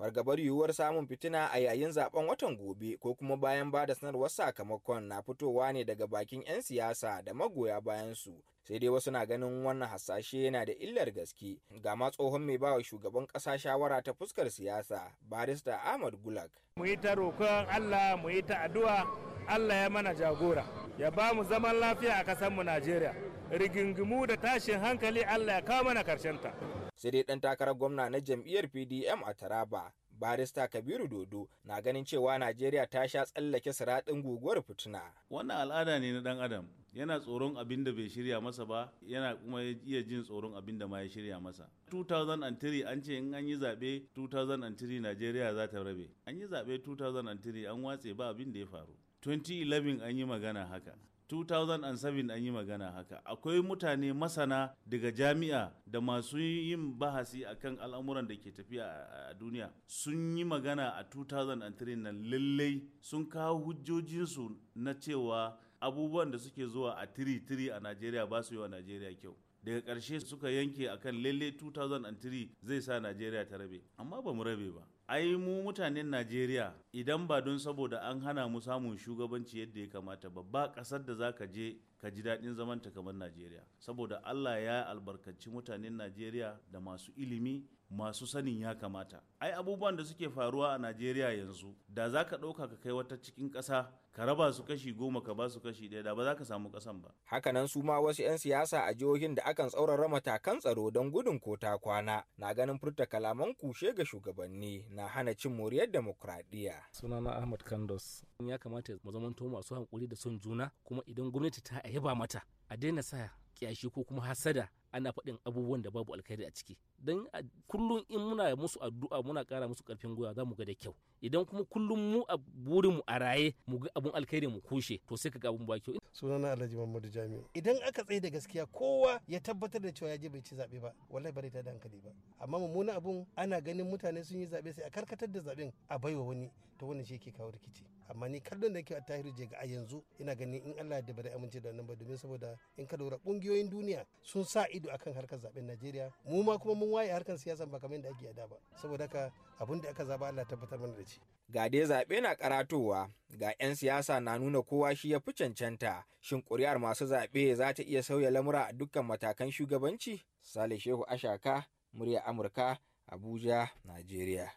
fargabar yiwuwar samun fitina a yayin zaben watan gobe ko kuma bayan ba da sanarwar sakamakon na fitowa ne daga bakin 'yan siyasa da magoya bayan su sai dai wasu na ganin wannan hasashe yana da illar gaske ga ma tsohon mai bawa shugaban kasa shawara ta fuskar siyasa barista ahmad gulak mu yi ta roƙon allah mu yi ta addu'a allah ya mana jagora ya ba mu zaman lafiya a mu najeriya rigingimu da tashin hankali allah ya kawo mana ta. sai dai ɗan takarar gwamna na jam'iyyar pdm a taraba barista kabiru dodo na ganin cewa najeriya ta sha tsallake siraɗin guguwar fituna wannan al'ada ne na ɗan adam yana tsoron abin da bai shirya masa ba yana kuma iya jin tsoron abin da ma ya shirya masa 2003 an ce in an yi zaɓe 2003 najeriya za ta rabe an yi zaɓe 2003 an watse ba abin da ya faru 2011 an yi magana haka 2007 an yi magana haka akwai mutane masana daga jami'a da masu yin bahasi akan al'amuran da ke tafiya a duniya sun yi magana a 2003 nan lallai sun kawo hujjojinsu na cewa abubuwan da suke zuwa a tiri-tiri a najeriya ba su yi wa najeriya kyau daga ƙarshe suka yanke akan lalle 2003 zai sa najeriya ta rabe amma ba mu rabe ba ai mu mutanen najeriya idan ba don saboda an hana mu samun shugabanci yadda ya kamata babba ba ƙasar da za ka je ka ji daɗin zamanta kamar najeriya saboda allah ya albarkaci mutanen najeriya da masu ilimi masu sanin ya kamata ai abubuwan da suke faruwa a najeriya yanzu da za ka ɗauka ka kai wata cikin ƙasa ka raba su kashi goma ka ba su kashi ɗaya da ba za ka samu ƙasan ba hakanan su ma wasu 'yan siyasa a jihohin da akan tsaurara matakan tsaro don gudun ko ta kwana na ganin furta kalaman kushe ga shugabanni na hana cin moriyar demokuraɗiyya. sunana ahmad kandos ya kamata mu zamanto masu hankuri da son juna kuma idan gwamnati ta yaba mata a daina sa kyashi ko kuma hasada ana faɗin abubuwan da babu alkhairi a ciki don kullum in muna musu addu'a muna kara musu karfin gwiwa za mu ga da kyau idan kuma kullum mu a burin mu a raye mu ga abun alkhairi mu kushe to sai ka ga abun ba kyau sunana Alhaji Muhammadu Jami'u idan aka tsaye da gaskiya kowa ya tabbatar da cewa ya je bai ci zabe ba wallahi bare ta da hankali ba amma mummunan abun ana ganin mutane sun yi zabe sai a karkatar da zaben a baiwa wani to wannan shi yake kawo rikici amma ni kallon da ke a tahiru je ga a yanzu ina ganin in Allah da bari amince da nan ba domin saboda in ka lura kungiyoyin duniya sun sa ido akan harkar zaben Najeriya mu ma kuma mun an waye harkar siyasa ba kamar yadda ake yada ba saboda ka abin da aka zaba Allah tabbatar mana da shi ga dai zaɓe na karatowa ga 'yan siyasa na nuna kowa shi ya fi cancanta shin ƙuri'ar masu zaɓe za ta iya sauya lamura a dukkan matakan shugabanci sale shehu ashaka murya amurka abuja najeriya